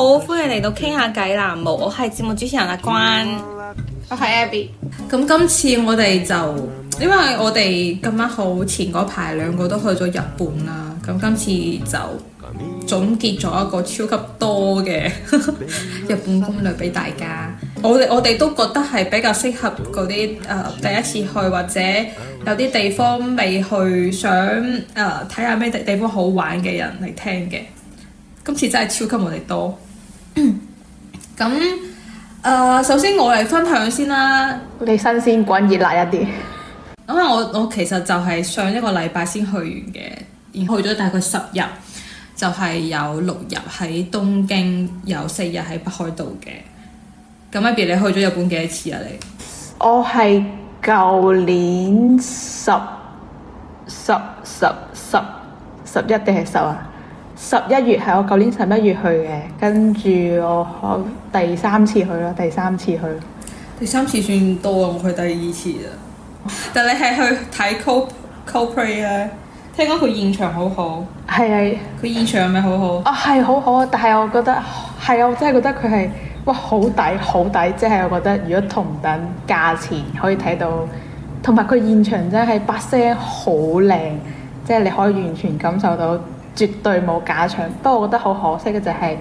好，歡迎嚟到傾下偈啦！冇，我係節目主持人阿關，我係 Abbie。咁、嗯、今次我哋就，因為我哋今晚好前嗰排兩個都去咗日本啦，咁、嗯、今次就總結咗一個超級多嘅日本攻略俾大家。我哋我哋都覺得係比較適合嗰啲誒第一次去或者有啲地方未去，想誒睇下咩地地方好玩嘅人嚟聽嘅。今次真係超級我哋多。咁，誒、 呃，首先我嚟分享先啦。你新鮮滾熱辣一啲。咁 啊，我我其實就係上一個禮拜先去完嘅，然去咗大概十日，就係、是、有六日喺東京，有四日喺北海道嘅。咁 Abbie 你去咗日本幾多次啊？你我係舊年十十十十十一定係十啊？十一月係我舊年十一月去嘅，跟住我，我第三次去咯，第三次去。第三次算多啊，我去第二次啦。但你係去睇 Coldplay 咧？聽講佢現場好好。係啊，佢現場係咪好好？啊係好好啊！但係我覺得係啊，我真係覺得佢係哇好抵好抵，即係我覺得如果同等價錢可以睇到，同埋佢現場真係把聲好靚，即係你可以完全感受到。絕對冇假唱，不過我覺得好可惜嘅就係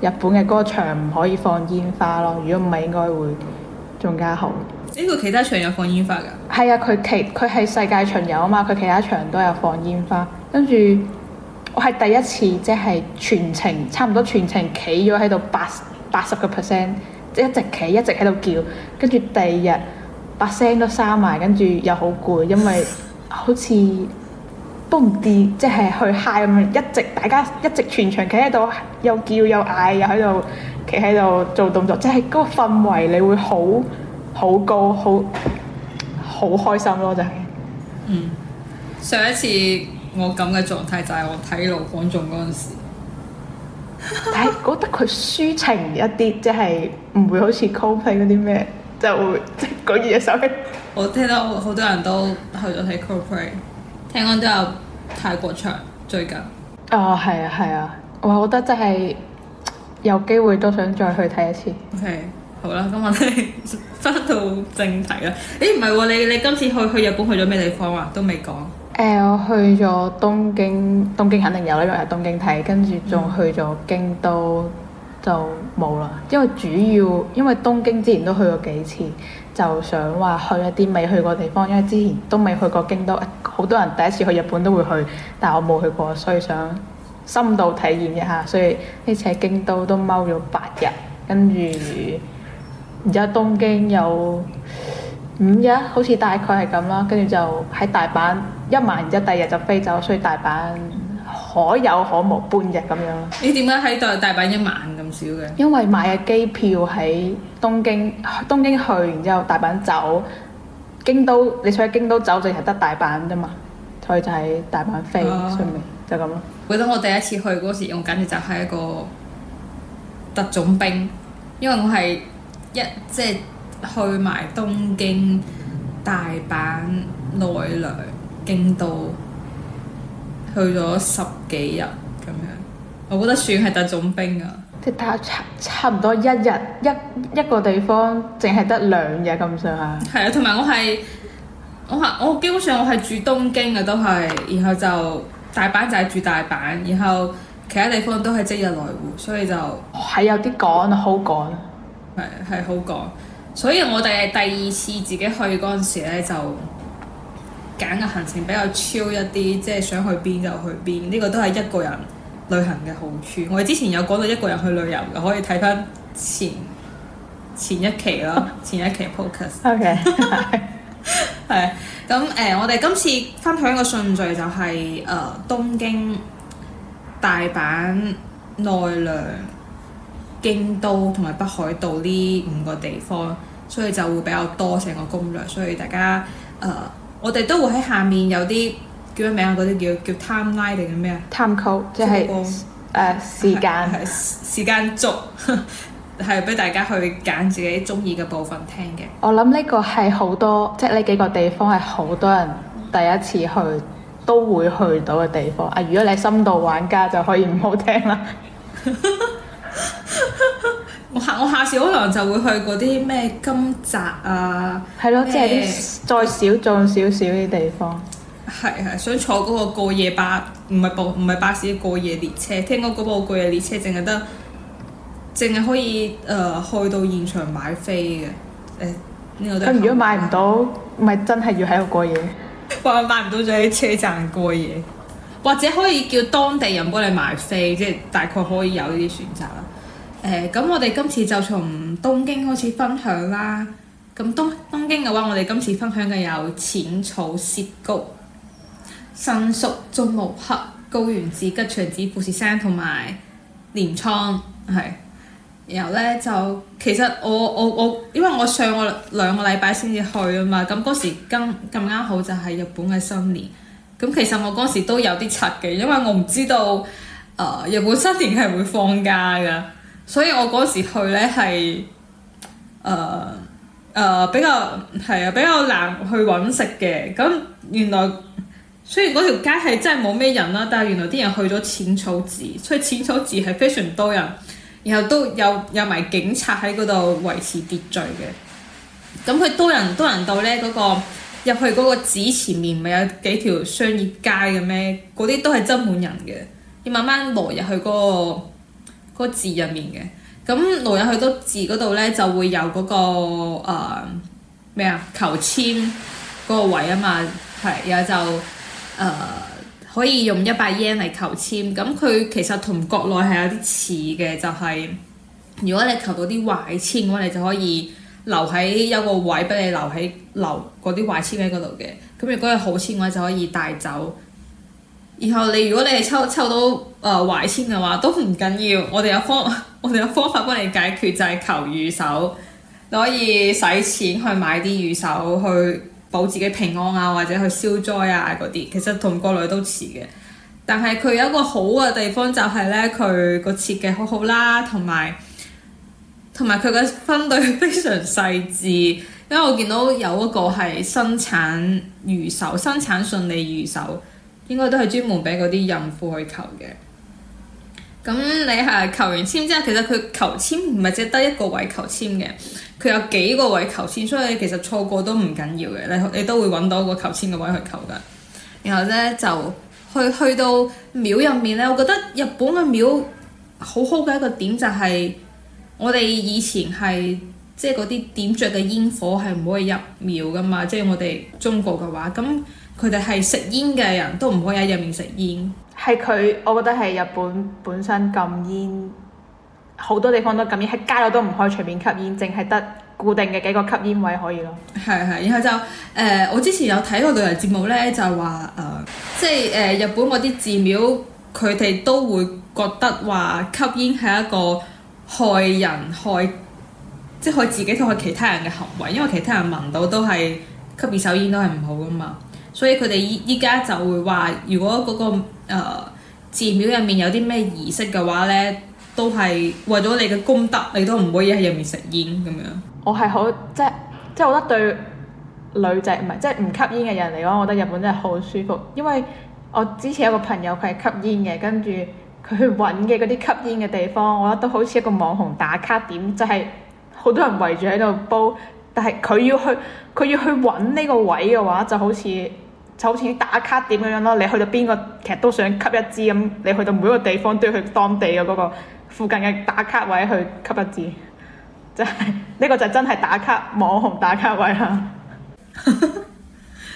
日本嘅嗰個場唔可以放煙花咯。如果唔係，應該會仲加好。呢個其他場有放煙花㗎？係啊，佢其佢係世界巡遊啊嘛，佢其他場都有放煙花。跟住我係第一次，即係全程差唔多全程企咗喺度八八十個 percent，即一直企一直喺度叫。跟住第二日把聲都閂埋，跟住又好攰，因為好似。 都唔知，即係去嗨。咁樣一直大家一直全場企喺度，又叫又嗌，又喺度企喺度做動作，即係嗰個氛圍，你會好好高，好好開心咯，就係。嗯，上一次我咁嘅狀態就係我睇《老廣眾》嗰陣時，但係覺得佢抒情一啲，即係唔會好似 Coldplay 嗰啲咩，就會即係講嘢手腳。 我聽到好，好多人都去咗睇 Coldplay 聽講都有泰國場，最近哦，係啊係啊，我覺得真係有機會都想再去睇一次。OK，好啦，咁我哋翻到正題啦。誒，唔係喎，你你今次去去日本去咗咩地方啊？都未講。誒、呃，我去咗東京，東京肯定有啦，因為喺東京睇，跟住仲去咗京都就冇啦。嗯、因為主要因為東京之前都去過幾次，就想話去一啲未去過地方，因為之前都未去過京都。好多人第一次去日本都會去，但我冇去過，所以想深度體驗一下，所以呢次喺京都都踎咗八日，跟住，然之後東京有五日，好似大概係咁啦，跟住就喺大阪一晚，然之後第二日就飛走，所以大阪可有可無半日咁樣。你點解喺大大阪一晚咁少嘅？因為買嘅機票喺東京東京去，然之後大阪走。京都，你坐喺京都走淨係得大阪啫嘛，佢就喺大阪飛、啊、上面就咁、是、咯。我覺得我第一次去嗰時，我簡直就係一個特種兵，因為我係一即係、就是、去埋東京、大阪、奈良、京都，去咗十幾日咁樣，我覺得算係特種兵啊。即差差唔多一日一一個地方，淨係得兩日咁上下。係啊，同埋我係我我基本上我係住東京嘅都係，然後就大阪就係住大阪，然後其他地方都係即日來回，所以就係、哦、有啲趕，好趕。係係好趕，所以我哋第二次自己去嗰陣時咧，就揀嘅行程比較 chill 一啲，即係想去邊就去邊。呢個都係一個人。旅行嘅好處，我哋之前有講到一個人去旅遊，又可以睇返前前一期咯，前一期 focus。OK，係咁誒，我哋今次分享嘅順序就係、是、誒、呃、東京、大阪、奈良、京都同埋北海道呢五個地方，所以就會比較多成個攻略，所以大家誒、呃，我哋都會喺下面有啲。叫咩名？嗰啲叫叫 timeline, Time Line 定叫咩啊？Time Code，即係誒、嗯、時間時間足，係 俾大家去揀自己中意嘅部分聽嘅。我諗呢個係好多，即係呢幾個地方係好多人第一次去都會去到嘅地方。啊，如果你深度玩家，就可以唔好聽啦。 我下我下次可能就會去嗰啲咩金澤啊，係咯了，什麼 即係啲再小眾少少啲地方。係係，想坐嗰個過夜巴，唔係部唔係巴士，過夜列車。聽講嗰部過夜列車，淨係得，淨係可以誒去、呃、到現場買飛嘅。誒、欸、呢、這個佢如果買唔到，咪真係要喺度過夜。話 買唔到就喺車站過夜，或者可以叫當地人幫你買飛，即、就、係、是、大概可以有呢啲選擇啦。誒、欸、咁，我哋今次就從東京開始分享啦。咁東東京嘅話，我哋今次分享嘅有淺草涉谷、新宿、中目黑、高円寺、吉祥寺、富士山同埋鎌倉係。然後呢，就其實我我我，因為我上個兩個禮拜先至去啊嘛，咁嗰時咁咁啱好就係日本嘅新年，咁其實我嗰時都有啲七嘅，因為我唔知道啊、呃、日本新年係會放假噶，所以我嗰時去呢，係，誒、呃、誒、呃、比較係啊比較難去揾食嘅，咁原來。雖然嗰條街係真係冇咩人啦、啊，但係原來啲人去咗淺草寺，所以淺草寺係非常多人，然後都有有埋警察喺嗰度維持秩序嘅。咁佢多人多人到咧，嗰、那個入去嗰個寺前面咪有幾條商業街嘅咩？嗰啲都係擠滿人嘅，要慢慢挪入去嗰、那個寺入、那個、面嘅。咁挪入去到寺嗰度咧，就會有嗰、那個咩啊、呃、求籤嗰個位啊嘛，係，然後就～誒、uh, 可以用一百 yen 嚟求簽，咁佢其實同國內係有啲似嘅，就係、是、如果你求到啲壞簽嘅話，你就可以留喺有個位俾你留喺留嗰啲壞簽喺嗰度嘅。咁如果係好簽嘅話，就可以帶走。然後你如果你係抽抽到誒、呃、壞簽嘅話，都唔緊要，要，我哋有方 我哋有方法幫你解決，就係、是、求御守，你可以使錢去買啲御守去。保自己平安啊，或者去消災啊嗰啲，其實同國內都似嘅。但係佢有一個好嘅地方就係咧，佢個設計好好、啊、啦，同埋同埋佢嘅分類非常細緻。因為我見到有一個係生產御守，生產順利御守應該都係專門俾嗰啲孕婦去求嘅。咁你係求完簽之後，其實佢求簽唔係只得一個位求簽嘅，佢有幾個位求簽，所以其實錯過都唔緊要嘅，你你都會揾到個求簽嘅位去求㗎。然後呢，就去去到廟入面呢，我覺得日本嘅廟好好嘅一個點就係我哋以前係即係嗰啲點着嘅煙火係唔可以入廟㗎嘛，即係我哋中國嘅話，咁佢哋係食煙嘅人都唔可以喺入面食煙。係佢，我覺得係日本本身禁煙，好多地方都禁煙，喺街度都唔可以隨便吸煙，淨係得固定嘅幾個吸煙位可以咯。係係，然後就誒、呃，我之前有睇過旅遊節目咧，就話誒，即係誒日本嗰啲寺廟，佢哋都會覺得話吸煙係一個害人害，即係害自己同埋其他人嘅行為，因為其他人聞到都係吸二手煙都係唔好噶嘛。所以佢哋依依家就會話，如果嗰、那個誒、呃、寺廟入面有啲咩儀式嘅話咧，都係為咗你嘅功德，你都唔可以喺入面食煙咁樣。我係好即係即係覺得對女仔唔係即係唔吸煙嘅人嚟講，我覺得日本真係好舒服。因為我之前有個朋友佢係吸煙嘅，跟住佢去揾嘅嗰啲吸煙嘅地方，我覺得都好似一個網紅打卡點，就係、是、好多人圍住喺度煲。但係佢要去佢要去揾呢個位嘅話，就好似～就好似打卡點咁樣咯，你去到邊個其實都想吸一支咁，你去到每一個地方都要去當地嘅嗰個附近嘅打卡位去吸一支，就係呢個就真係打卡網紅打卡位啦。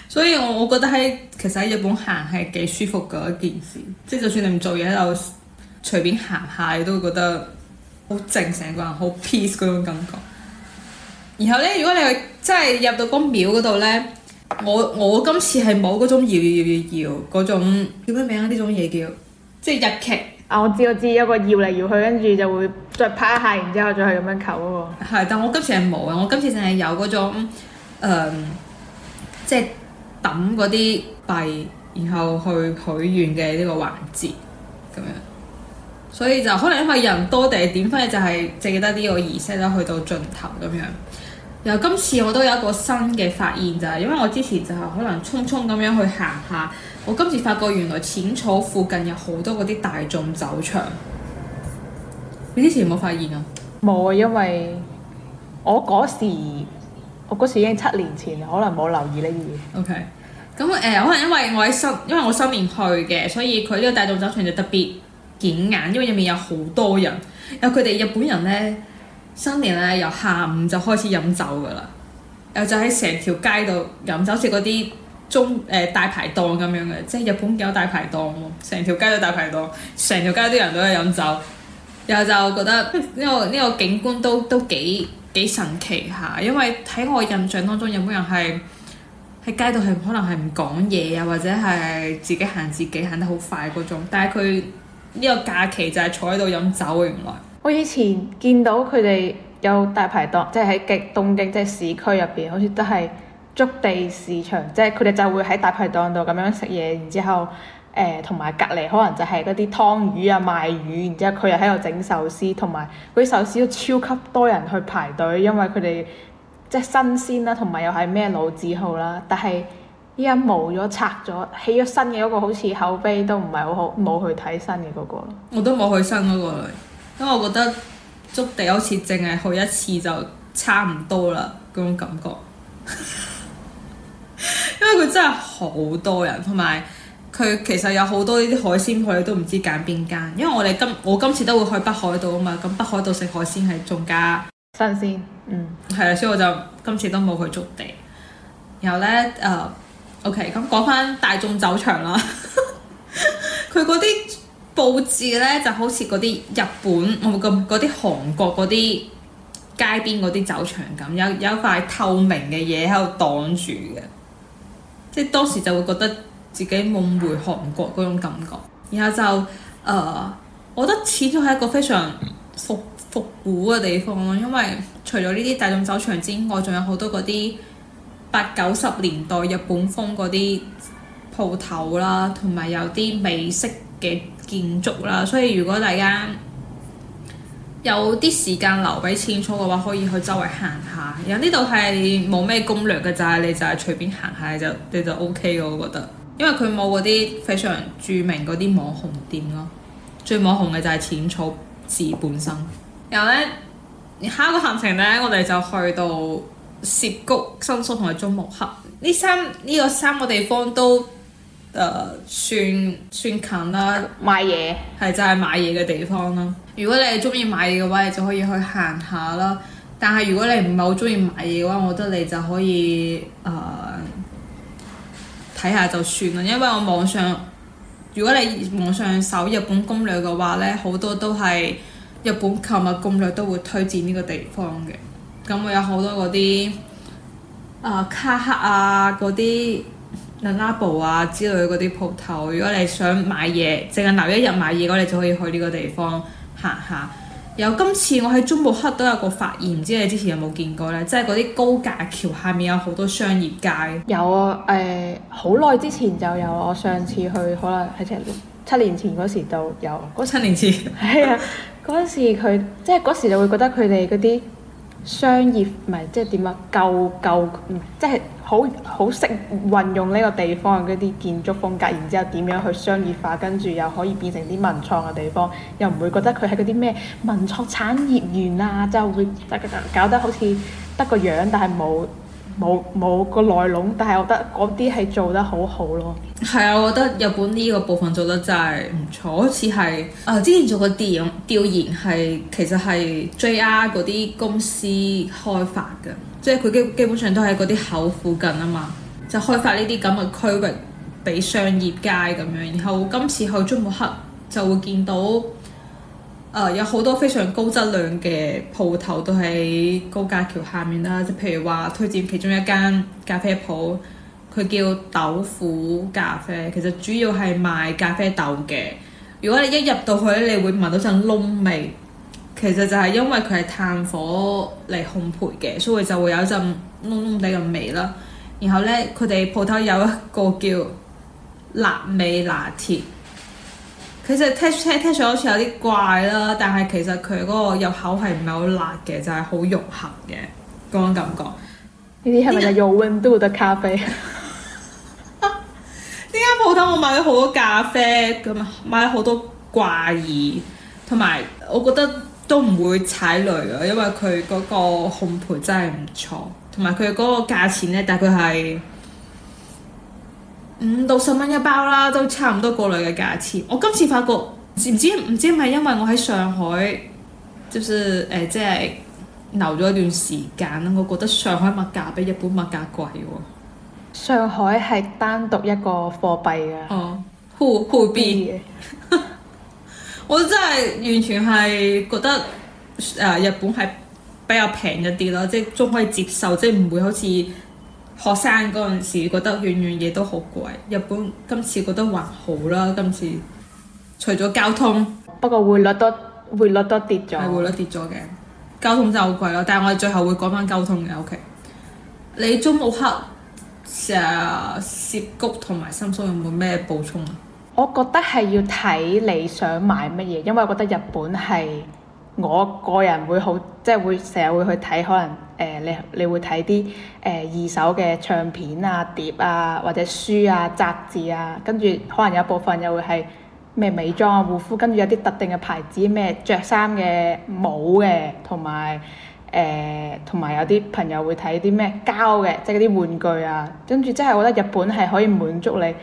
所以我覺得喺其實喺日本行係幾舒服嘅一件事，即係就算你唔做嘢就隨便行下，你都會覺得好靜，成個人好 peace 嗰種感覺。然後呢，如果你去真係入到個廟嗰度呢，我我今次係冇嗰種搖搖搖搖搖嗰種叫咩名啊？呢種嘢叫即係日劇啊！我知我知，有一個搖嚟搖去，跟住就會再拍一下，然之後再去咁樣求、那。嗰個。係，但我今次係冇啊！我今次淨係有嗰種、呃、即係揼嗰啲幣，然後去許願嘅呢個環節咁樣。所以就可能因為人多，地，係點翻嘅就係淨記得呢個儀式啦，去到盡頭咁樣。然後今次我都有一個新嘅發現就係，因為我之前就係可能匆匆咁樣去行下，我今次發覺原來淺草附近有好多嗰啲大眾酒場。你之前有冇發現啊？冇啊，因為我嗰時我嗰時已經七年前，可能冇留意呢啲。OK，咁誒可能因為我喺心，因為我新年去嘅，所以佢呢個大眾酒場就特別顯眼，因為入面有好多人，有佢哋日本人呢。新年咧，由下午就開始飲酒㗎喇，又就喺成條街度飲酒，好似嗰啲中誒、呃、大排檔咁樣嘅，即係日本有大排檔咯，成條街都大排檔，成條街啲人都喺飲酒，然後就覺得呢個呢個景觀都都幾幾神奇下，因為喺我印象當中，日本人係喺街度係可能係唔講嘢啊，或者係自己行自己行得好快嗰種，但係佢呢個假期就係坐喺度飲酒，原來。我以前見到佢哋有大排檔，即係喺極東京即係、就是、市區入邊，好似都係築地市場，即係佢哋就會喺大排檔度咁樣食嘢，然之後誒同埋隔離可能就係嗰啲湯魚啊賣魚，然之後佢又喺度整壽司，同埋嗰啲壽司都超級多人去排隊，因為佢哋即係新鮮啦，同埋又係咩老字號啦。但係依家冇咗拆咗，起咗新嘅嗰個好似口碑都唔係好好，冇去睇新嘅嗰個。我都冇去新嗰個。因為我覺得築地好似淨係去一次就差唔多啦，嗰種感覺， 因為佢真係好多人，同埋佢其實有好多呢啲海鮮，佢都唔知揀邊間。因為我哋今我今次都會去北海道啊嘛，咁北海道食海鮮係仲加新鮮，嗯，係啊，所以我就今次都冇去築地。然後咧，誒、uh，OK，咁講翻大眾酒場啦，佢嗰啲。布置咧就好似嗰啲日本，我冇咁啲韓國嗰啲街邊嗰啲酒場咁，有有一塊透明嘅嘢喺度擋住嘅，即係當時就會覺得自己夢回韓國嗰種感覺，然後就誒、呃、我覺得始終係一個非常複復古嘅地方咯，因為除咗呢啲大眾酒場之外，仲有好多嗰啲八九十年代日本風嗰啲鋪頭啦，同埋有啲美式。嘅建築啦，所以如果大家有啲時間留俾淺草嘅話，可以去周圍行下。然後呢度係冇咩攻略嘅，就係你就係隨便行下就你就 OK 嘅，我覺得。因為佢冇嗰啲非常著名嗰啲網紅店咯。最網紅嘅就係淺草寺本身。然後咧，下一個行程咧，我哋就去到涉谷、新宿同埋中目黑。呢三呢、這個三個地方都。誒、uh, 算算近啦，買嘢係就係買嘢嘅地方啦。如果你係中意買嘢嘅話，你就可以去行下啦。但係如果你唔係好中意買嘢嘅話，我覺得你就可以誒睇下就算啦。因為我網上，如果你網上搜日本攻略嘅話呢，好多都係日本購物攻略都會推薦呢個地方嘅。咁會有好多嗰啲誒卡克啊嗰啲。拉拉堡啊之類嗰啲鋪頭，如果你想買嘢，淨係留一日買嘢，咁你就可以去呢個地方行下。有今次我喺中目黑都有個發現，唔知你之前有冇見過呢？即係嗰啲高架橋下面有好多商業街。有啊，誒、呃，好耐之前就有。我上次去，可能喺七年七年前嗰時就有。嗰七年前，係啊，嗰陣 時佢，即係嗰時就會覺得佢哋嗰啲。商業唔係即係點啊？舊舊即係好好識運用呢個地方嗰啲建築風格，然之後點樣去商業化，跟住又可以變成啲文創嘅地方，又唔會覺得佢係嗰啲咩文創產業園啊，就會得搞得好似得個樣，但係冇。冇冇個內容，但係我覺得嗰啲係做得好好咯。係啊，我覺得日本呢個部分做得真係唔錯。好似係啊，之前做個調調研係其實係 JR 嗰啲公司開發嘅，即係佢基基本上都喺嗰啲口附近啊嘛，就開發呢啲咁嘅區域俾商業街咁樣。然後今次去中目黑就會見到。誒、uh, 有好多非常高質量嘅鋪頭都喺高架橋下面啦，即譬如話推薦其中一間咖啡鋪，佢叫豆腐咖啡，其實主要係賣咖啡豆嘅。如果你一入到去咧，你會聞到陣燶味，其實就係因為佢係炭火嚟烘焙嘅，所以就會有一陣燶燶地嘅味啦。然後咧，佢哋鋪頭有一個叫辣味拿鐵。其實聽聽聽上好似有啲怪啦，但係其實佢嗰個入口係唔係好辣嘅，就係好融合嘅嗰種感覺。呢啲係咪就係有溫度的咖啡？呢 間鋪頭我買咗好多咖啡咁啊，買咗好多掛耳，同埋我覺得都唔會踩雷啊，因為佢嗰個烘焙真係唔錯，同埋佢嗰個價錢咧，大概係。五六十蚊一包啦，都差唔多嗰類嘅價錢。我今次發覺，唔知唔知唔係因為我喺上海，就是誒、呃，即係留咗一段時間啦。我覺得上海物價比日本物價貴喎、喔。上海係單獨一個貨幣嘅。哦，滬滬幣。滬幣。 我真係完全係覺得誒、呃，日本係比較平一啲咯，即係仲可以接受，即係唔會好似。學生嗰陣時覺得樣樣嘢都好貴，日本今次覺得還好啦。今次除咗交通，不過匯率都匯率都跌咗。係匯率跌咗嘅，交通就好貴咯。但係我哋最後會講翻交通嘅 O K。Okay. 你中目黑成涉谷同埋新宿有冇咩補充啊？我覺得係要睇你想買乜嘢，因為我覺得日本係。我個人會好，即係會成日會去睇，可能誒、呃、你你會睇啲誒二手嘅唱片啊、碟啊，或者書啊、雜誌啊，跟住可能有部分又會係咩美妝啊、護膚，跟住有啲特定嘅牌子咩着衫嘅帽嘅，同埋誒同埋有啲、呃、朋友會睇啲咩膠嘅，即係嗰啲玩具啊，跟住真係我覺得日本係可以滿足你。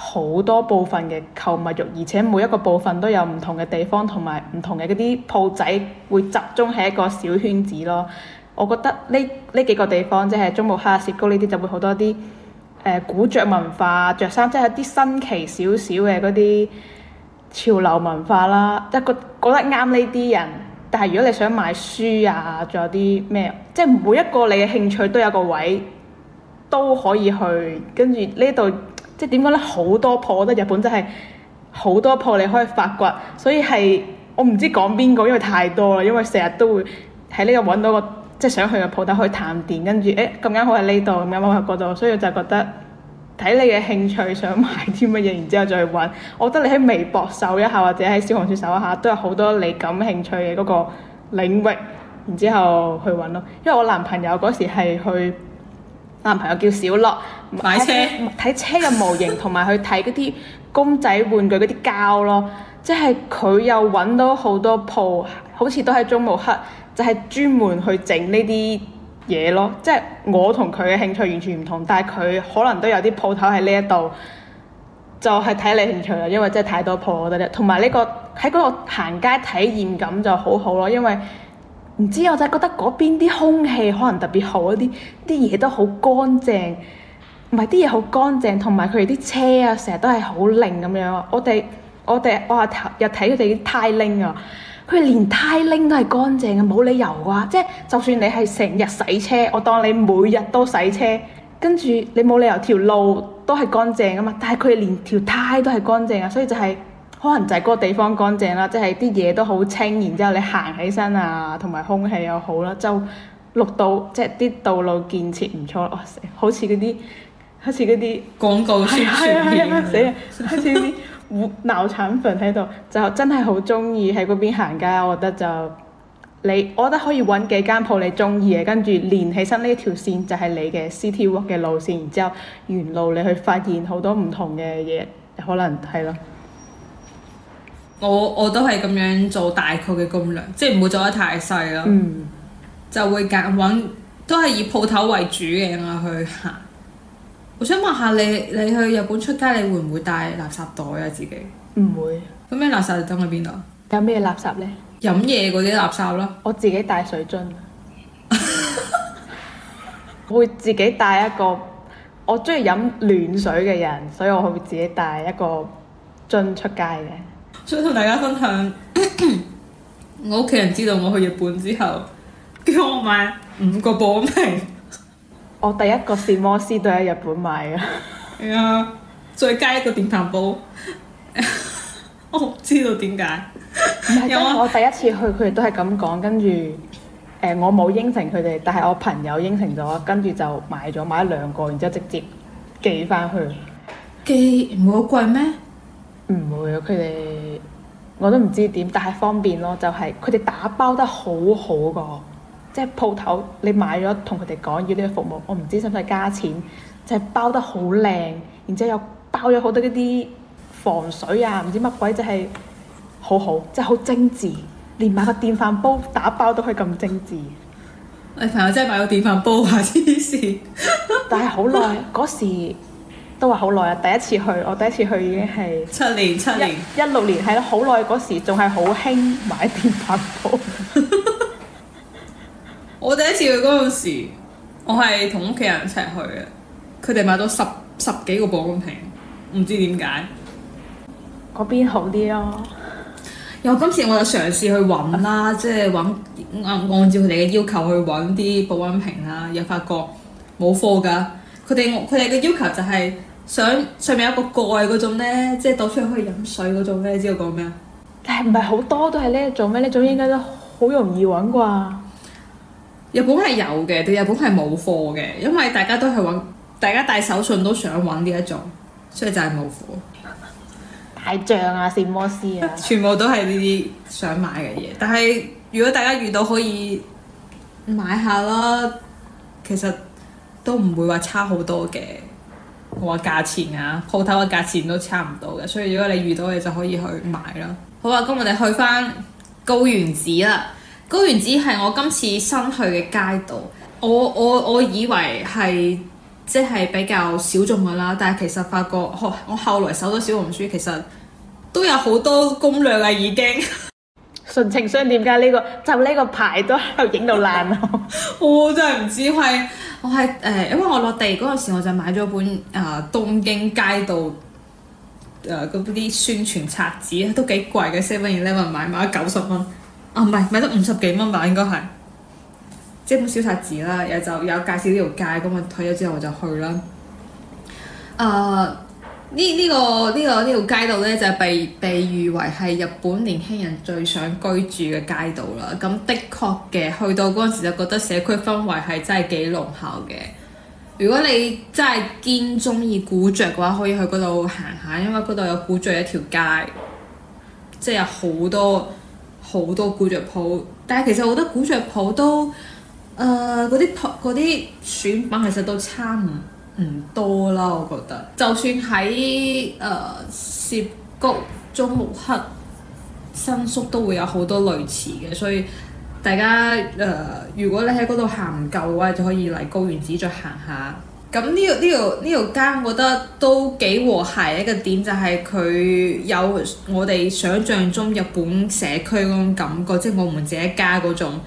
好多部分嘅購物欲，而且每一個部分都有唔同嘅地方，同埋唔同嘅嗰啲鋪仔會集中喺一個小圈子咯。我覺得呢呢幾個地方，即係中目黑、涉谷呢啲，就會好多啲、呃、古着文化、着衫，即係啲新奇少少嘅嗰啲潮流文化啦。即係覺覺得啱呢啲人。但係如果你想買書啊，仲有啲咩？即係每一個你嘅興趣都有個位都可以去，跟住呢度。即係點講咧？好多鋪，我覺得日本真係好多鋪你可以發掘，所以係我唔知講邊個，因為太多啦。因為成日都會喺呢度揾到個即係、就是、想去嘅鋪頭去探店，跟住誒咁啱好喺呢度，咁啱好喺嗰度，所以我就覺得睇你嘅興趣想買啲乜嘢，然之後再去揾。我覺得你喺微博搜一下，或者喺小紅書搜一下，都有好多你感興趣嘅嗰個領域，然之後去揾咯。因為我男朋友嗰時係去。男朋友叫小樂，買車、睇車嘅模型，同埋 去睇嗰啲公仔玩具嗰啲膠咯。即係佢又揾到好多鋪，好似都喺中目黑，就係專門去整呢啲嘢咯。即係我同佢嘅興趣完全唔同，但係佢可能都有啲鋪頭喺呢一度，就係睇你興趣啦。因為真係太多鋪我覺得，同埋呢個喺嗰個行街體驗感就好好咯，因為。唔知，我就係覺得嗰邊啲空氣可能特別好一啲，啲嘢都好乾淨，唔係啲嘢好乾淨，同埋佢哋啲車啊，成日都係好靚咁樣。我哋我哋我哇，又睇佢哋啲胎鈴啊，佢連胎鈴都係乾淨嘅，冇理由啩。即係就算你係成日洗車，我當你每日都洗車，跟住你冇理由條路都係乾淨啊嘛。但係佢連條胎都係乾淨啊，所以就係、是。可能就係嗰個地方乾淨啦，即係啲嘢都好清，然之後你行起身啊，同埋空氣又好啦，就綠道即係啲道路建設唔錯，哇好似嗰啲，好似啲廣告宣傳、哎哎、死啊！ 好似啲鬧產粉喺度，就真係好中意喺嗰邊行街。我覺得就你，我覺得可以揾幾間鋪你中意嘅，跟住連起身呢一條線就係你嘅 city walk 嘅路線，然之後沿路你去發現好多唔同嘅嘢，可能係咯。我我都係咁樣做大概嘅攻略，即係唔會做得太細咯，嗯、就會揀揾都係以鋪頭為主嘅我、啊、去行。我想問下你，你去日本出街你會唔會帶垃圾袋啊？自己唔會，咁咩、嗯、垃圾就抌喺邊度？有咩垃圾呢？飲嘢嗰啲垃圾咯。我自己帶水樽， 我會自己帶一個。我中意飲暖水嘅人，所以我會自己帶一個樽出街嘅。想同大家分享，我屋企人知道我去日本之後，叫我買五個保瓶。我第一個膳魔師都喺日本買噶，係啊，再加一個電飯煲。我唔知道點解，唔係真係我第一次去，佢哋都係咁講，跟住誒，我冇應承佢哋，但係我朋友應承咗，跟住就買咗買兩個，然之後直接寄翻去。寄唔好貴咩？唔會啊！佢哋我都唔知點，但係方便咯。就係佢哋打包得好好個，即係鋪頭你買咗，同佢哋講要呢個服務，我唔知使唔使加錢，就係包得好靚，然之後又包咗好多嗰啲防水啊，唔知乜鬼，就係好好，即係好精緻。連買個電飯煲打包都可以咁精緻。你朋友真係買個電飯煲啊！黐線。 但係好耐嗰時。都話好耐啊！第一次去，我第一次去已經係七年七年一六年，係好耐嗰時，仲係好興買電飯煲。我第一次去嗰陣時，我係同屋企人一齊去嘅，佢哋買咗十十幾個保溫瓶，唔知點解嗰邊好啲咯、啊。然後今次我就嘗試去揾啦，即係揾按按照佢哋嘅要求去揾啲保溫瓶啊，又發覺冇貨㗎。佢哋佢哋嘅要求就係、是。上上面有個蓋嗰種呢，即係倒出嚟可以飲水嗰種。你知道講咩？但係唔係好多都係呢一種咩？呢種應該都好容易揾啩？日本係有嘅，但日本係冇貨嘅，因為大家都係揾，大家帶手信都想揾呢一種，所以就係冇貨。大象啊，史摩斯啊， 全部都係呢啲想買嘅嘢。但係如果大家遇到可以買下啦，其實都唔會話差好多嘅。我話價錢啊，鋪頭嘅價錢都差唔多嘅，所以如果你遇到你就可以去買咯。好啊，咁我哋去返高円寺啦。高円寺係我今次新去嘅街道，我我我以為係即係比較小眾嘅啦，但係其實發覺，呵，我後來搜咗小紅書，其實都有好多攻略啊，已經純情商店街呢個， 就呢個牌都喺度影到爛咯。我真係唔知係。我係誒，因為我落地嗰陣、那個、時，我就買咗本啊、呃、東京街道誒嗰啲宣傳冊子都幾貴嘅，seven eleven 買買咗九十蚊，啊唔係買咗五十幾蚊吧，應該係即係本小冊子啦，然後就有介紹呢條街咁我退咗之後我就去啦，誒、呃。呢呢個呢個呢條街道咧就係被被譽為係日本年輕人最想居住嘅街道啦。咁的確嘅，去到嗰陣時就覺得社區氛圍係真係幾濃厚嘅。如果你真係堅中意古着嘅話，可以去嗰度行下，因為嗰度有古着一條街，即係有好多好多古着鋪。但係其實我覺得古着鋪都，誒嗰啲啲選品其實都差唔唔多啦，我覺得，就算喺誒、呃、涉谷、中目黑、新宿都會有好多類似嘅，所以大家誒、呃，如果你喺嗰度行唔夠嘅、啊、話，就可以嚟高円寺再行下。咁呢度呢度呢條街，我、這個這個、覺得都幾和諧一個點，就係佢有我哋想象中日本社區嗰種感覺，即、就、係、是、我們自己家嗰種。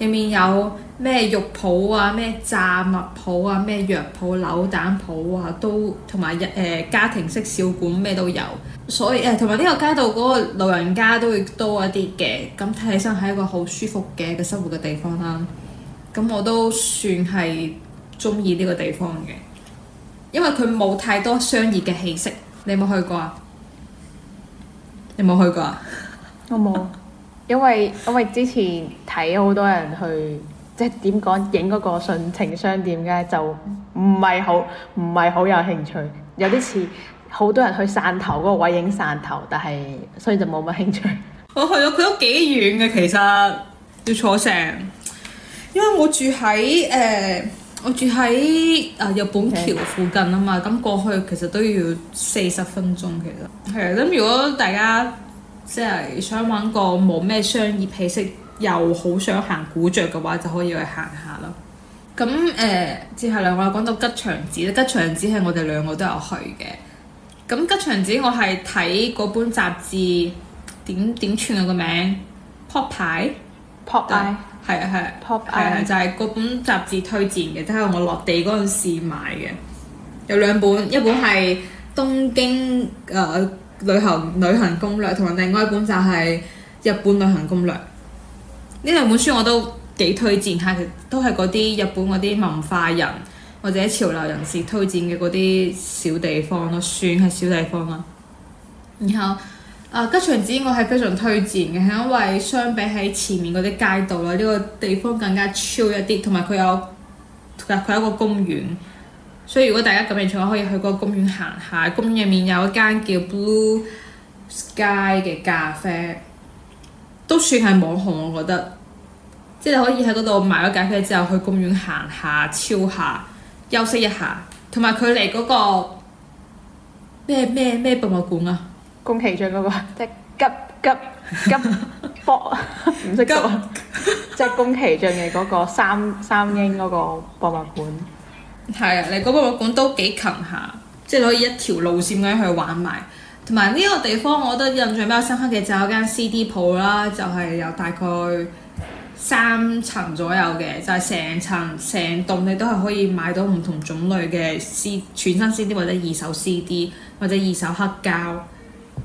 入面有咩肉鋪啊，咩炸物鋪啊，咩藥鋪、扭蛋鋪啊，都同埋日誒家庭式小館咩都有，所以誒同埋呢個街道嗰個老人家都會多一啲嘅，咁睇起身係一個好舒服嘅嘅生活嘅地方啦。咁我都算係中意呢個地方嘅，因為佢冇太多商業嘅氣息。你有冇去過啊？你有冇去過啊？我冇。因為因為之前睇好多人去，即係點講，影嗰個純情商店嘅，就唔係好唔係好有興趣。有啲似好多人去汕頭嗰個位影汕頭，但係所以就冇乜興趣。我去咗，佢都幾遠嘅，其實要坐成。因為我住喺誒、呃，我住喺啊、呃、日本橋附近啊嘛，咁 Okay. 過去其實都要四十分鐘，其實係啊。咁、嗯、如果大家即係想揾個冇咩商業氣息，又好想行古著嘅話，就可以去行下啦。咁誒，之、呃、後兩個又講到吉祥寺咧。吉祥寺係我哋兩個都有去嘅。咁吉祥寺我係睇嗰本雜誌點點、點串個名 POPEYE？POPEYE 係啊係 POPEYE 就係、係、嗰本雜誌推薦嘅，都係我落地嗰陣時買嘅。有兩本，一本係東京誒。呃旅行旅行攻略同埋另外一本就係日本旅行攻略，呢兩本書我都幾推薦下，都係嗰啲日本嗰啲文化人或者潮流人士推薦嘅嗰啲小地方咯，算係小地方啦。然後啊，吉祥寺我係非常推薦嘅，係因為相比喺前面嗰啲街道啦，呢個地方更加 chill 一啲，同埋佢有佢係一個公園。所以如果大家咁興趣，可以去嗰個公園行下。公園入面有一間叫 Blue Sky 嘅咖啡，都算係網紅，我覺得。即係可以喺嗰度買咗咖啡之後，去公園行下、超下、休息一下，同埋佢離嗰個咩咩咩博物館啊？宮崎駿嗰、嗰個即係急急，吉博，唔識吉，即係急 宮崎駿嘅嗰個三三鷹嗰個博物館。係啊，你嗰、那個博物館都幾近下，即係可以一條路線咁樣去玩埋。同埋呢個地方，我覺得印象比較深刻嘅就係有間 CD 鋪啦，就係、是、有大概三層左右嘅，就係、是、成層成棟你都係可以買到唔同種類嘅 C 全新 CD 或者二手 CD 或者二手黑膠，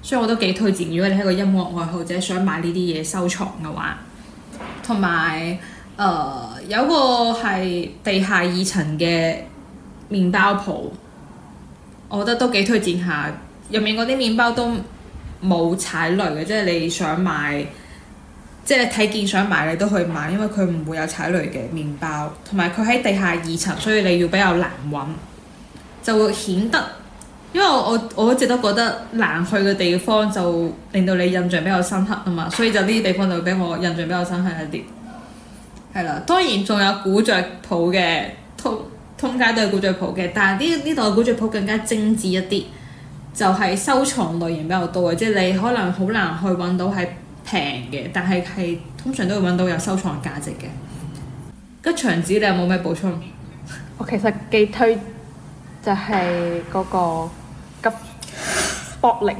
所以我都幾推薦。如果你係一個音樂愛好者，想買呢啲嘢收藏嘅話，同埋誒有、呃、有個係地下二層嘅。麵包鋪，我覺得都幾推薦下。入面嗰啲麵包都冇踩雷嘅，即係你想買，即係睇見想買你都去買，因為佢唔會有踩雷嘅麵包。同埋佢喺地下二層，所以你要比較難揾，就會顯得因為我我,我一直都覺得難去嘅地方就令到你印象比較深刻啊嘛，所以就呢啲地方就會俾我印象比較深刻一啲。係啦，當然仲有古着鋪嘅通。通街都有古著鋪嘅，但係呢呢度嘅古著鋪更加精緻一啲，就係、是、收藏類型比較多嘅，即係你可能好難去揾到係平嘅，但係係通常都會揾到有收藏價值嘅。吉祥寺，你有冇咩補充？我其實幾推就係、是、嗰、那個吉卜力，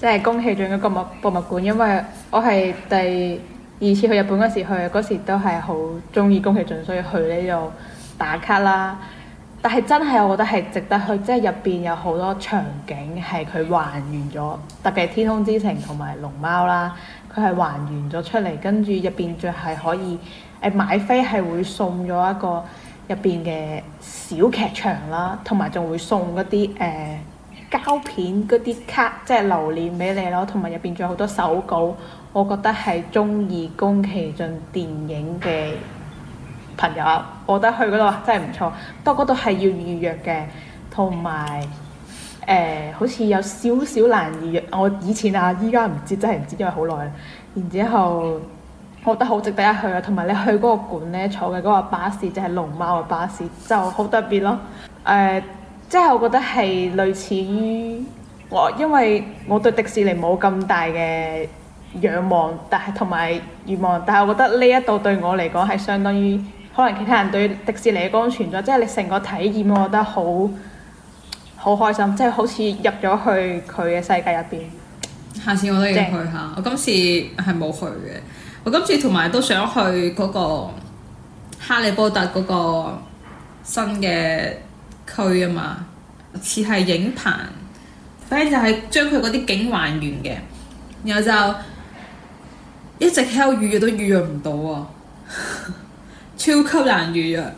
即係宮崎駿嘅博物博物館，因為我係第二次去日本嗰時去，嗰時都係好中意宮崎駿，所以去呢、這、度、個。打卡啦！但係真係我覺得係值得去，即係入邊有好多場景係佢還原咗，特別係《天空之城》同埋《龍貓》啦，佢係還原咗出嚟。跟住入邊仲係可以誒、呃、買飛係會送咗一個入邊嘅小劇場啦，同埋仲會送嗰啲誒膠片嗰啲卡，即係留念俾你咯。同埋入邊仲有好多手稿，我覺得係中意宮崎駿電影嘅。朋友啊，我覺得去嗰度真係唔錯，不過嗰度係要預約嘅，同埋誒好似有少少難預約。我以前啊，依家唔知真係唔知，因為好耐。然之後我覺得好值得一去啊，同埋你去嗰個館呢，坐嘅嗰個巴士就係龍貓嘅巴士，就好特別咯。誒，即係我覺得係類似於我，因為我對迪士尼冇咁大嘅仰望，但係同埋願望，但係我覺得呢一度對我嚟講係相當於。可能其他人對迪士尼嘅光存在，即係你成個體驗，我覺得好好開心，即係好似入咗去佢嘅世界入邊。下次我都要去下正我去，我今次係冇去嘅。我今次同埋都想去嗰個哈利波特嗰個新嘅區啊嘛，似係影棚，反正就係將佢嗰啲景還原嘅，然後就一直喺度預約都預約唔到啊！ 超級難預約，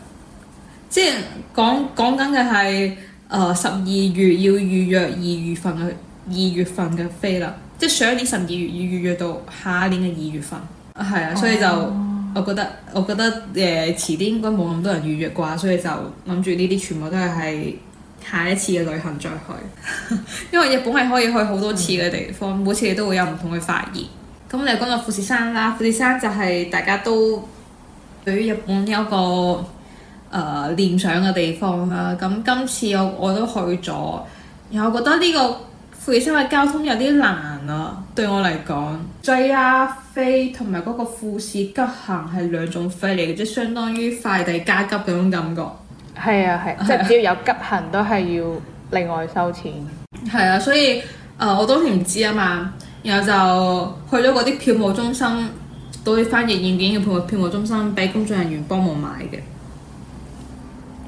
即係講講緊嘅係，誒十二月要預約二月份嘅二月份嘅飛啦，即係上一年十二月要預約到下一年嘅二月份，係啊，所以就我覺得，oh. 我覺得誒、呃、遲啲應該冇咁多人預約啩，所以就諗住呢啲全部都係係下一次嘅旅行再去， 因為日本係可以去好多次嘅地方，嗯、每次都會有唔同嘅發現。咁你講到富士山啦，富士山就係大家都～對於日本有個誒念、呃、想嘅地方啦、啊，咁、嗯、今次我我都去咗，然後覺得呢個富士山嘅交通有啲難啊，對我嚟講，墜亞、啊、飛同埋嗰個富士急行係兩種飛嚟嘅，即相當於快遞加急咁種感覺。係啊，係、啊，啊、即係只要有急行都係要另外收錢。係啊，所以誒、呃，我當時唔知啊嘛，然後就去咗嗰啲票務中心。到啲翻譯軟件嘅票務中心，俾工作人員幫我買嘅。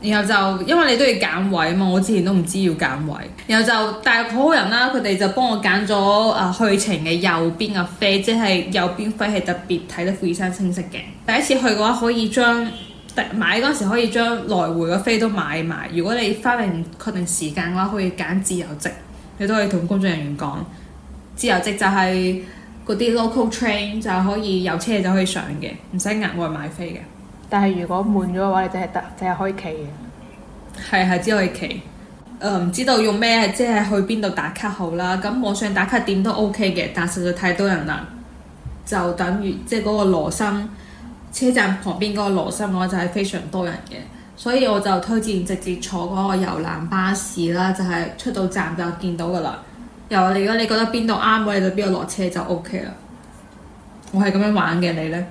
然後就因為你都要揀位啊嘛，我之前都唔知要揀位。然後就，但係好好人啦、啊，佢哋就幫我揀咗啊去程嘅右邊嘅飛，即係右邊飛係特別睇得富士山清晰嘅。第一次去嘅話，可以將買嗰時可以將來回嘅飛都買埋。如果你翻嚟唔確定時間嘅話，可以揀自由席，你都可以同工作人員講。自由席就係、是。嗰啲 local train 就可以有車就可以上嘅，唔使額外買飛嘅。但係如果悶咗嘅話，你就係得，就係可以企嘅。係係只可以企。誒唔、嗯、知道用咩即係去邊度打卡好啦？咁網上打卡點都 OK 嘅，但係實在太多人啦。就等於即係嗰個羅森車站旁邊嗰個羅森嘅話，就係非常多人嘅。所以我就推薦直接坐嗰個遊覽巴士啦，就係、是、出到站就見到嘅啦。有如果你覺得邊度啱位，或者邊度落車就 O K 啦。我係咁樣玩嘅，你呢？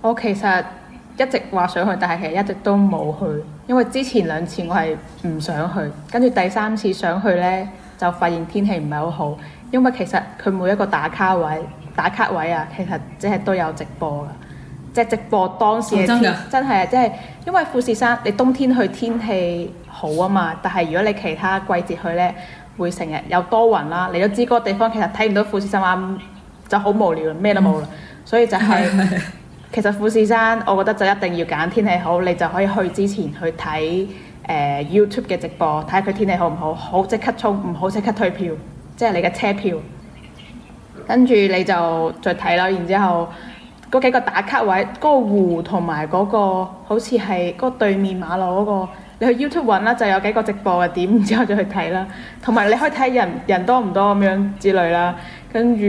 我其實一直話想去，但係其實一直都冇去。因為之前兩次我係唔想去，跟住第三次想去呢，就發現天氣唔係好好。因為其實佢每一個打卡位、打卡位啊，其實即係都有直播噶，即係直播當時嘅天。真噶！真係啊、就是，即係因為富士山，你冬天去天氣好啊嘛，但係如果你其他季節去呢。會成日有多雲啦，你都知嗰個地方其實睇唔到富士山，就好無聊，咩都冇啦。所以就係、是、 其實富士山，我覺得就一定要揀天氣好，你就可以去之前去睇誒、呃、YouTube 嘅直播，睇下佢天氣好唔好，好即刻衝，唔好即刻退票，即、就、係、是、你嘅車票。跟住你就再睇啦，然之後嗰幾個打卡位，嗰、那個湖同埋嗰個好似係嗰個對面馬路嗰、那個。你去 YouTube 揾啦，就有幾個直播啊，點之後就去睇啦。同埋你可以睇人人多唔多咁樣之類啦。跟住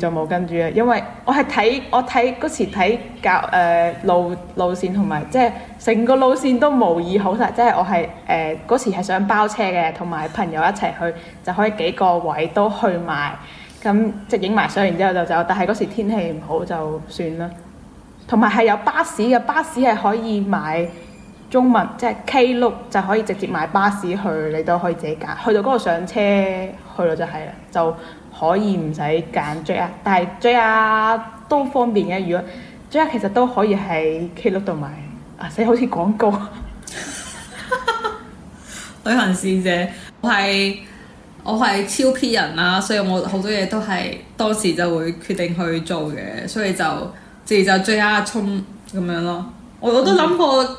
就冇跟住啊，因為我係睇我睇嗰時睇教誒路路線同埋即係成個路線都模擬好晒。即係我係誒嗰時係想包車嘅，同埋朋友一齊去就可以幾個位都去埋，咁即影埋相，然之後就走。但係嗰時天氣唔好，就算啦。同埋係有巴士嘅，巴士係可以買。中文即係 Klook，就可以直接買巴士去，你都可以自己揀。去到嗰度上車去到就係啦，就可以唔使揀 JR。但係 JR 都方便嘅，如果 JR 其實都可以喺 Klook 度買。啊，使好似廣告。旅 行師姐，我係我係超 P 人啦、啊，所以我好多嘢都係當時就會決定去做嘅，所以就直接 JR 沖咁樣咯。我我都諗過，嗯。.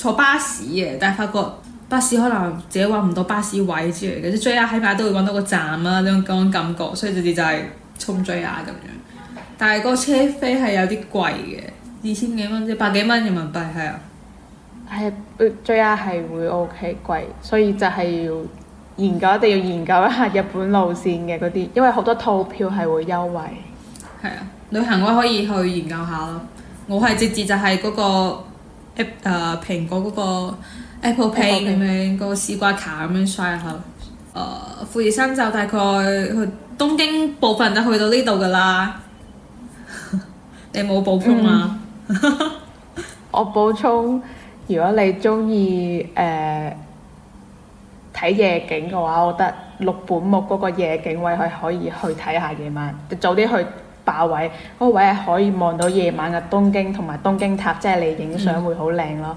坐巴士嘅，但係發覺巴士可能自己搵唔到巴士位之類嘅，即係最下起碼都會搵到個站啦、啊，嗰種感覺，所以直接就係坐最下咁樣。但係個車費係有啲貴嘅，二千幾蚊即百幾蚊人民幣，係啊，係最下係會 OK 貴，所以就係要研究，一定要研究一下日本路線嘅嗰啲，因為好多套票係會優惠。係啊，旅行我可以去研究下咯。我係直接就係嗰、那個。誒，蘋果嗰個 Apple Pay 咁樣，個西瓜卡咁樣晒下咯。誒，富士山就大概去東京部分就去到呢度噶啦。你冇補充啊？我補充，如果你中意誒睇夜景嘅話，我覺得六本木嗰個夜景位係可以去睇下夜晚，早啲去。個位嗰位係可以望到夜晚嘅東京同埋東京塔，即係你影相會好靚咯。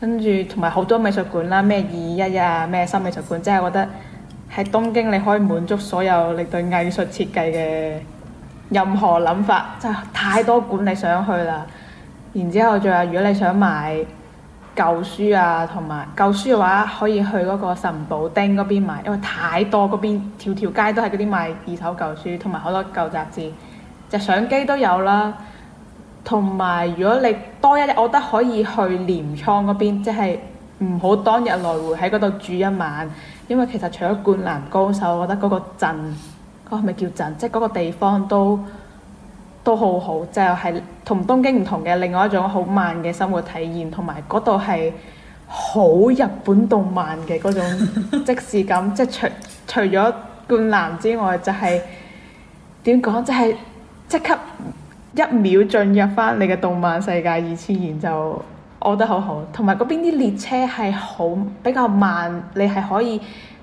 嗯、跟住同埋好多美術館啦，咩二一啊，咩新美術館，即係我覺得喺東京你可以滿足所有你對藝術設計嘅任何諗法，真係太多館你想去啦。然之後仲有，如果你想買舊書啊，同埋舊書嘅話，可以去嗰個神保町嗰邊買，因為太多嗰邊條條街都係嗰啲賣二手舊書，同埋好多舊雜誌。就相機都有啦，同埋如果你多一日，我覺得可以去鎌倉嗰邊，即係唔好當日來回喺嗰度住一晚，因為其實除咗灌籃高手，我覺得嗰個鎮，嗰係咪叫鎮？即係嗰個地方都都好好，就係同東京唔同嘅另外一種好慢嘅生活體驗，同埋嗰度係好日本動漫嘅嗰種即時感，即係 除除咗灌籃之外，就係點講？就係。即刻一秒進入翻你嘅動漫世界，二次元就我覺得好好，同埋嗰邊啲列車係好比較慢，你係可以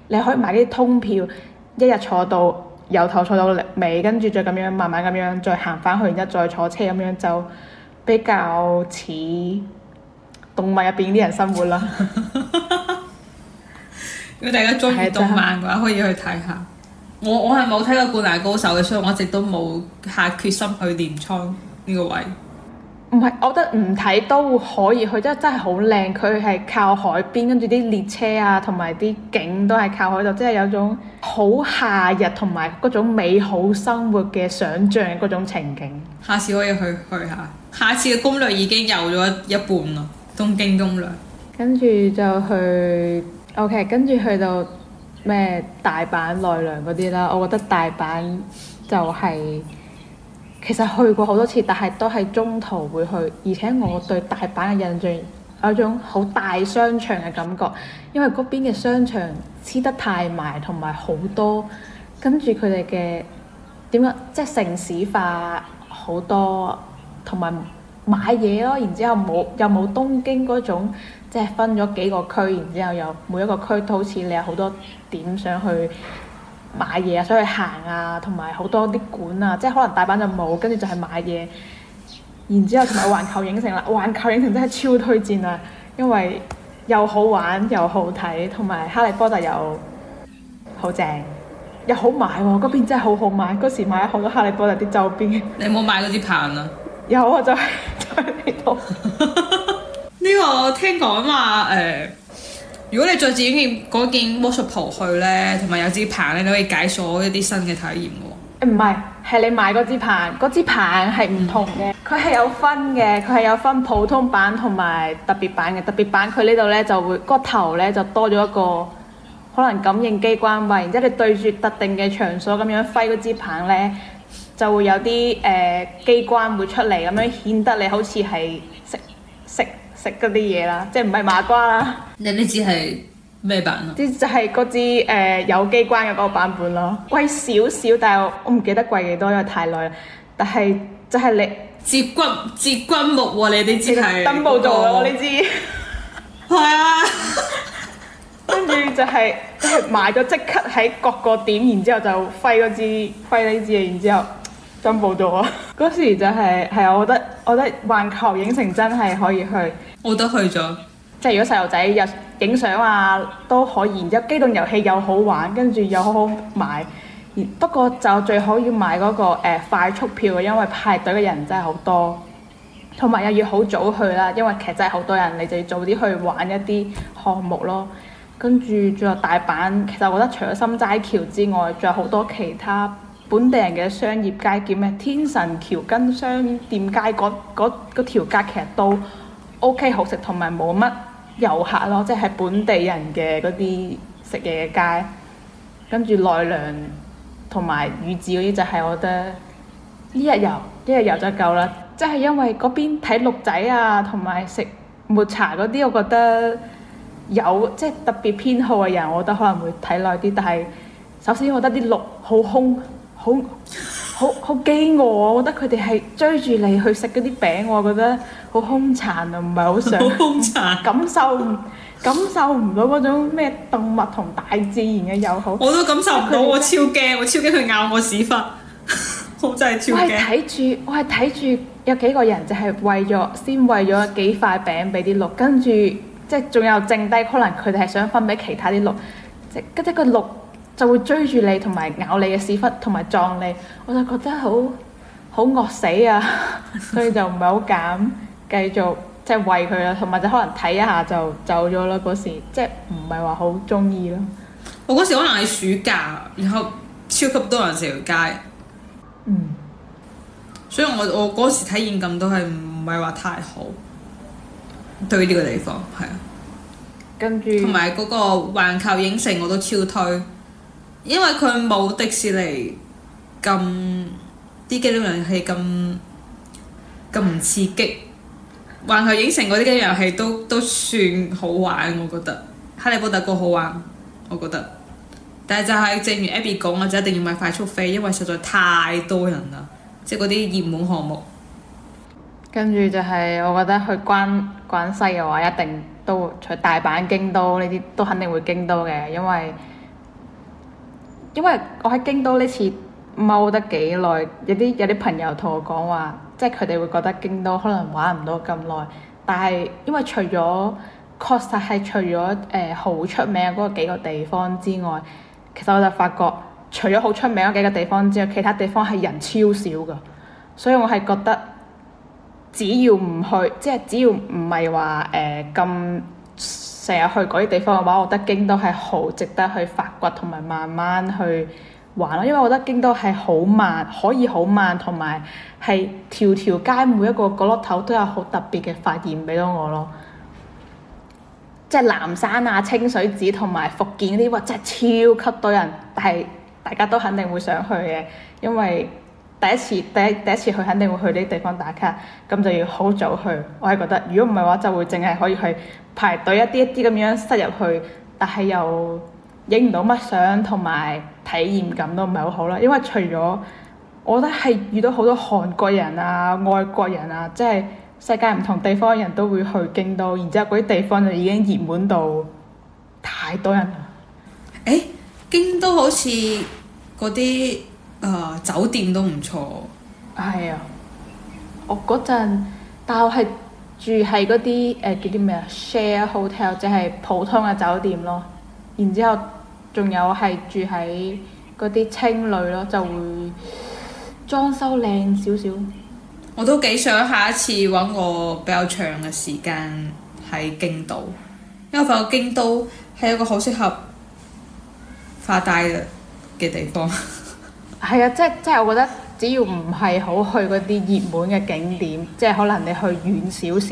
你可以買啲通票，一日坐到由頭坐到尾，跟住再咁樣慢慢咁樣再行翻去，然之後再坐車咁樣就比較似動漫入邊啲人生活啦。如果 大家中意睇動漫嘅話，可以去睇下。我我係冇睇過《灌籃高手》嘅，所以我一直都冇下決心去鎌倉呢個位。唔係，我覺得唔睇都可以去，真係真係好靚。佢係靠海邊，跟住啲列車啊，同埋啲景都係靠海度，即係有種好夏日同埋嗰種美好生活嘅想象嗰種情景。下次可以去去下，下次嘅攻略已經有咗一半啦。東京攻略，跟住就去。OK，跟住去到。咩大阪奈良嗰啲啦，我覺得大阪就係、是，其實去過好多次，但係都係中途會去，而且我對大阪嘅印象有一種好大商場嘅感覺，因為嗰邊嘅商場黐得太埋，同埋好多，跟住佢哋嘅點樣即係、就是、城市化好多，同埋買嘢咯，然之後冇又冇東京嗰種。即係分咗幾個區，然之後有每一個區都好似你有好多點想去買嘢啊，想去行啊，同埋好多啲館啊。即係可能大阪就冇，跟住就係買嘢。然之後同埋環球影城啦，環 球影城真係超推薦啊！因為又好玩又好睇，同埋哈利波特又好正，又好買喎、啊。嗰邊真係好好買，嗰時買咗好多哈利波特啲周邊。 你有冇買嗰啲棒啊？有啊，就係喺呢度。呢、這個聽講話誒，如果你再自己件嗰件魔術袍去呢，同埋有支棒呢，你可以解鎖一啲新嘅體驗、哦。唔係、欸，係你買嗰支棒，嗰支棒係唔同嘅。佢係、嗯、有分嘅，佢係有分普通版同埋特別版嘅。特別版佢呢度呢，就會、嗰個頭呢，就多咗一個可能感應機關位。然之後你對住特定嘅場所咁樣揮嗰支棒呢，就會有啲誒機關會出嚟，咁樣顯得你好似係識識食嗰啲嘢啦，即係唔係麻瓜啦。你呢支係咩版啊？即就係嗰支誒、呃、有機關嘅嗰個版本咯，貴少少，但係我唔記得貴幾多，因為太耐啦。但係就係、是、你接骨接骨木喎、哦，你呢支係？登步咗咯，呢支係啊。跟住就係、是就是、買咗即刻喺各個點，然之後就揮嗰支揮呢支，然之後登步咗。嗰 時就係、是、係，我覺得我覺得環球影城真係可以去。我都去咗，即係如果細路仔又影相啊都可以。然之後機動遊戲又好玩，跟住又好好買。不過就最好要買嗰、嗰個、欸、快速票，因為排隊嘅人真係好多。同埋又要好早去啦，因為其實真係好多人，你就要早啲去玩一啲項目咯。跟住仲有大阪，其實我覺得除咗心齋橋之外，仲有好多其他本地人嘅商業街叫咩天神橋跟商店街嗰嗰嗰條街其實都。O、okay, K 好食，同埋冇乜遊客咯。即係本地人嘅嗰啲食嘢嘅街，跟住奈良同埋宇治嗰啲就係我覺得呢日遊呢日遊就夠啦。即係因為嗰邊睇鹿仔啊同埋食抹茶嗰啲，我覺得有即係、即係、特別偏好嘅人，我覺得可能會睇耐啲，但係首先我覺得啲鹿好空好。好好飢餓啊！我覺得佢哋係追住你去食嗰啲餅，我覺得好兇殘啊！唔係好想。好兇殘 感。感受感受唔到嗰種咩動物同大自然嘅友好。我都感受唔到我，我超驚！ 我超驚佢咬我屎忽。好真係超驚。睇住我係睇住有幾個人就係餵咗先餵咗幾塊餅俾啲鹿，跟住即係仲有剩低，可能佢哋係想分俾其他啲鹿，即係跟住個鹿。就會追住你同埋咬你嘅屎忽，同埋撞你，我就覺得好好惡死啊！ 所以就唔係好敢繼續即係餵佢啦，同、就、埋、是、就可能睇一下就走咗啦。嗰時即係唔係話好中意咯。就是、是我嗰時可能係暑假，然後超級多人成條街。嗯，所以我我嗰時體驗感都係唔係話太好。對呢個地方係啊，跟住同埋嗰個環球影城我都超推。因為佢冇迪士尼咁啲機動遊戲咁咁唔刺激，環球影城嗰啲機動遊戲都都算好玩，我覺得《哈利波特》個好玩，我覺得。但係就係正如 Abby 講啊，就一定要買快速飛，因為實在太多人啦，即係嗰啲熱門項目。跟住就係，我覺得去關關西嘅話，一定都會在大阪、京都呢啲都肯定會京都嘅，因為。因為我喺京都呢次踎得幾耐，有啲有啲朋友同我講話，即係佢哋會覺得京都可能玩唔到咁耐。但係因為除咗確實係除咗誒好出名嗰幾個地方之外，其實我就發覺除咗好出名嗰幾個地方之外，其他地方係人超少㗎。所以我係覺得只要唔去，即係只要唔係話誒咁。呃成日去嗰啲地方嘅話，我覺得京都係好值得去發掘同埋慢慢去玩咯。因為我覺得京都係好慢，可以好慢，同埋係條條街每一個角落頭都有好特別嘅發現俾到我咯。即係嵐山啊、清水寺同埋伏見嗰啲，哇！真係超級多人，但係大家都肯定會想去嘅，因為，第一次第一第一次去肯定會去呢啲地方打卡，咁就要好早去。我係覺得，如果唔係嘅話，就會淨係可以去排隊一啲一啲咁樣塞入去，但係又影唔到乜相，同埋體驗感都唔係好好啦。因為除咗，我覺得係遇到好多韓國人啊、外國人啊，即係世界唔同地方嘅人都會去京都，然之後嗰啲地方就已經熱門到太多人。誒，京都好似嗰啲。誒、uh, 酒店都唔錯，係啊，啊！我嗰陣，但我係住喺嗰啲誒叫啲咩啊？share hotel 即係普通嘅酒店咯。然之後仲有係住喺嗰啲青旅咯，就會裝修靚少少。我都幾想下一次揾我比較長嘅時間喺京都，因為覺得京都係一個好適合發呆嘅地方。 係啊，即係即係我覺得，只要唔係好去嗰啲熱門嘅景點，即係可能你去遠少少，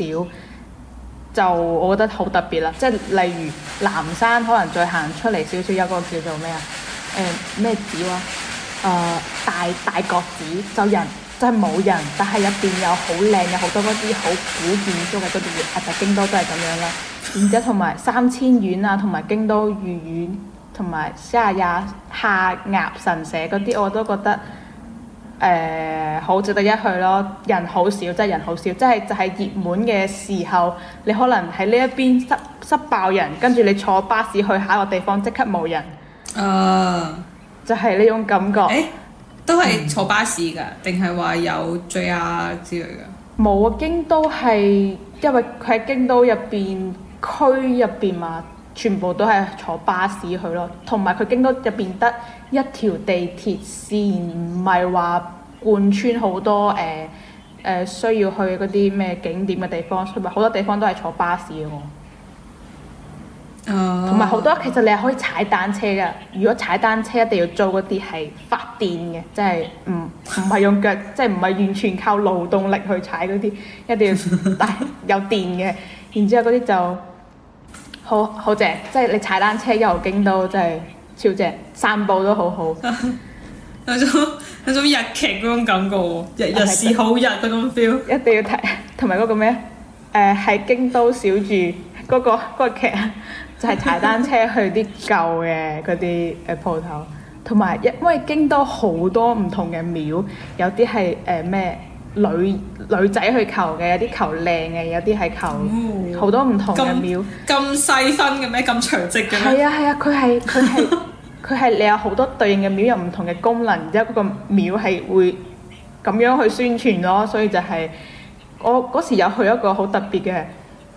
就我覺得好特別啦。即係例如南山，可能再行出嚟少少，有個叫做咩啊？誒咩寺啊？誒、呃、大大角寺，就人真係冇人，但係入邊有好靚嘅好多嗰啲好古建築嘅嗰啲嘢。啊，就京都都係咁樣啦。然之後同埋三千院啊，同埋京都御苑。同埋夏日下鴨神社嗰啲，我都覺得誒、呃、好值得一去咯。人好少，真、就、係、是、人好少，即係就係、是就是、熱門嘅時候，你可能喺呢一邊塞塞爆人，跟住你坐巴士去下一個地方即刻冇人。誒、呃，就係呢種感覺。誒、欸，都係坐巴士噶，定係話有 train、啊、之類噶？冇啊，京都係因為佢喺京都入邊區入邊嘛。全部都係坐巴士去咯，同埋佢京都入邊得一條地鐵線，唔係話貫穿好多誒誒、呃呃、需要去嗰啲咩景點嘅地方，同埋好多地方都係坐巴士嘅喎。哦。同埋好多其實你係可以踩單車㗎，如果踩單車一定要做嗰啲係發電嘅，即係唔唔係用腳，即係唔係完全靠勞動力去踩嗰啲，一定要帶有電嘅，然之後嗰啲就。好好正，即係你踩單車又京都真、真係超正。散步都好好，嗱 種、種日劇嗰種感覺喎，日日是好日嗰種 feel。一定要睇，同埋嗰個咩？誒、呃、喺京都小住嗰、嗰個嗰、嗰個、劇，就係、係、踩單車去啲舊嘅嗰啲誒鋪頭，同埋一因為京都好多唔同嘅廟，有啲係誒咩？呃女女仔去求嘅，有啲求靚嘅，有啲係求好多唔同嘅廟，咁細、哦、分嘅咩？咁詳細嘅咩？係啊，係啊，佢係佢係佢係你有好多對應嘅廟，有唔同嘅功能，然之後嗰個廟係會咁樣去宣傳咯。所以就係、是、我嗰時有去一個好特別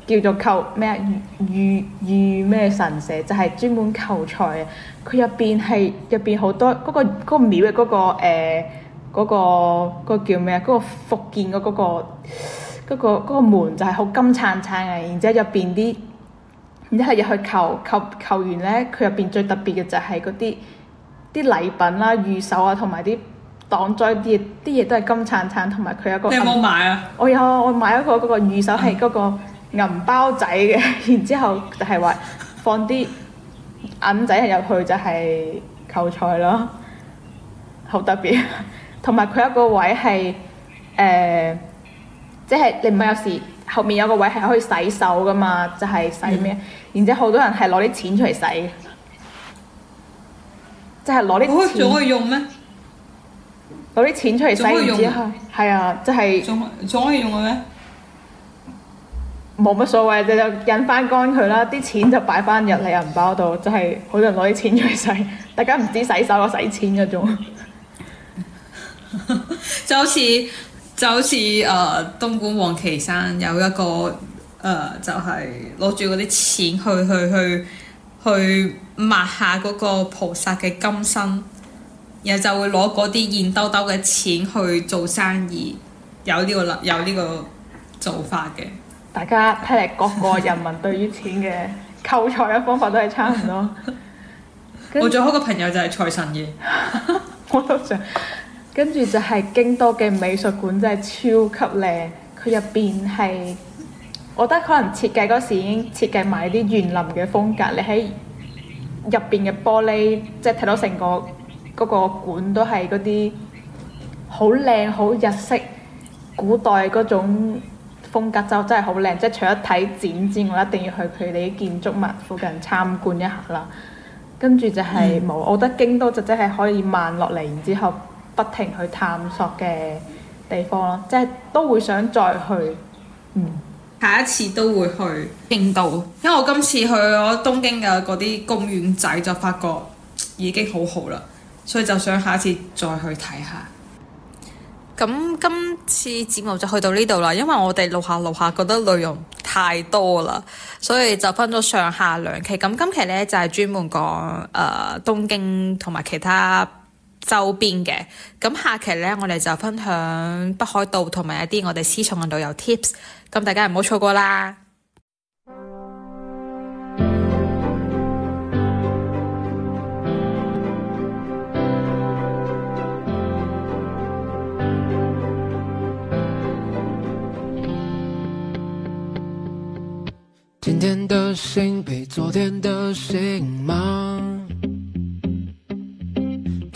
嘅，叫做求咩御御咩神社，就係、是、專門求財嘅。佢入邊係入邊好多嗰、那個嗰、那個廟嘅嗰個誒。呃嗰個叫咩啊？嗰、嗰個福建嘅嗰、嗰個嗰、嗰個嗰個、門就係好金燦燦嘅，然之後入邊啲，然之後入去求求求完咧，佢入邊最特別嘅就係嗰啲啲禮品啦、御守啊，同埋啲擋災啲嘢，啲嘢都係金燦燦，同埋佢有，有個銀包，你有冇買啊？我有我買咗個嗰個御守係嗰個銀包仔嘅，嗯、然之後就係話放啲銀仔入去就係求財咯，好特別。 同埋佢一個位係誒，即、呃、係、就是、你唔係有時後面有個位係可以洗手㗎嘛？就係、是、洗咩？然之後好多人係攞啲錢出嚟洗，即係攞啲錢仲可以用咩？攞啲錢出嚟洗之後，係啊，即係仲仲可以用嘅咩？冇乜、啊就是、所謂，就就印翻乾佢啦。啲錢就擺翻入嚟銀包度，就係、是、好多人攞啲錢出嚟洗，大家唔知洗手啊洗錢嗰種。 就好似就好似誒、呃，東莞黃旗山有一個誒、呃，就係攞住嗰啲錢去去去去抹下嗰個菩薩嘅金身，然後就會攞嗰啲現兜兜嘅錢去做生意，有呢、這個有呢個做法嘅。大家睇嚟各個人民對於錢嘅扣財嘅方法都係差唔多。 我最好嘅朋友就係財神爺，我都想。跟住就係京都嘅美術館真係超級靚，佢入邊係，我覺得可能設計嗰時已經設計埋啲園林嘅風格。你喺入邊嘅玻璃，即係睇到成個嗰個館都係嗰啲好靚好日式古代嗰種風格，就真係好靚。即係除咗睇展之外，一定要去佢哋啲建築物附近參觀一下啦。跟住就係冇，嗯，我覺得京都就真係可以慢落嚟，然之後不停去探索嘅地方咯，即係都會想再去，嗯，下一次都會去京都，因為我今次去咗東京嘅嗰啲公園仔就發覺已經好好啦，所以就想下一次再去睇下。咁今次節目就去到呢度啦，因為我哋錄下錄下覺得內容太多啦，所以就分咗上下兩期。咁今期咧就係、是、專門講誒、呃、東京同埋其他。周邊嘅，咁下期咧，我哋就分享北海道同埋一啲我哋私藏嘅旅遊 tips，咁大家唔好錯過啦。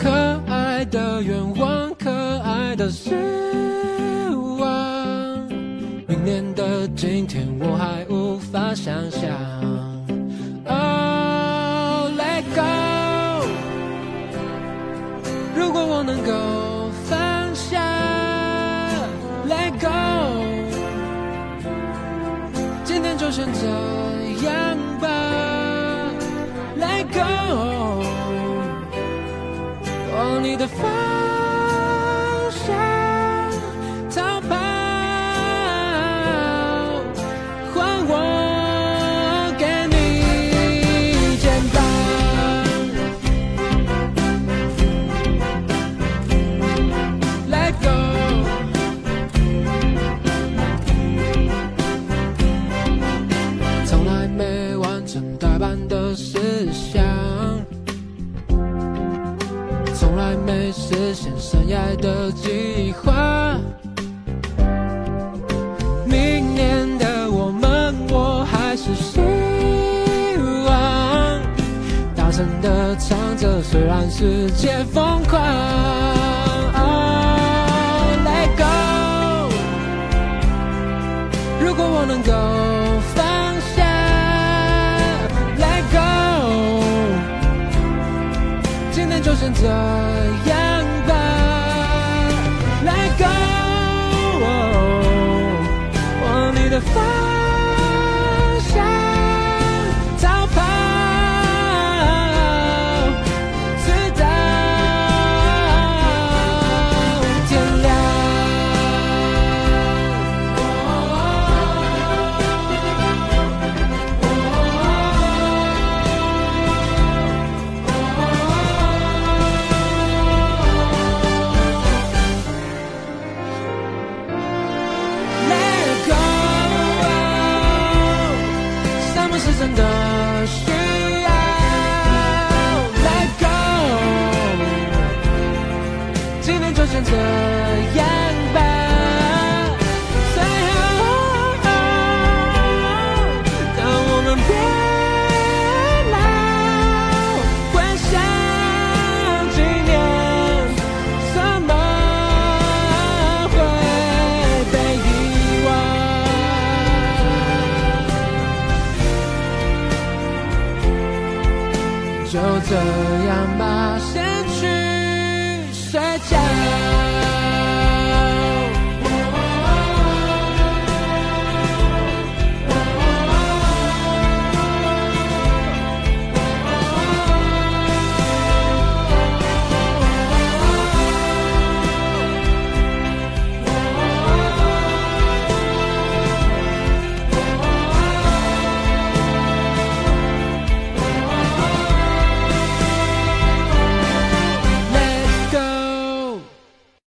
可愛的願望，可愛的失望，明年的今天，我還無法想象。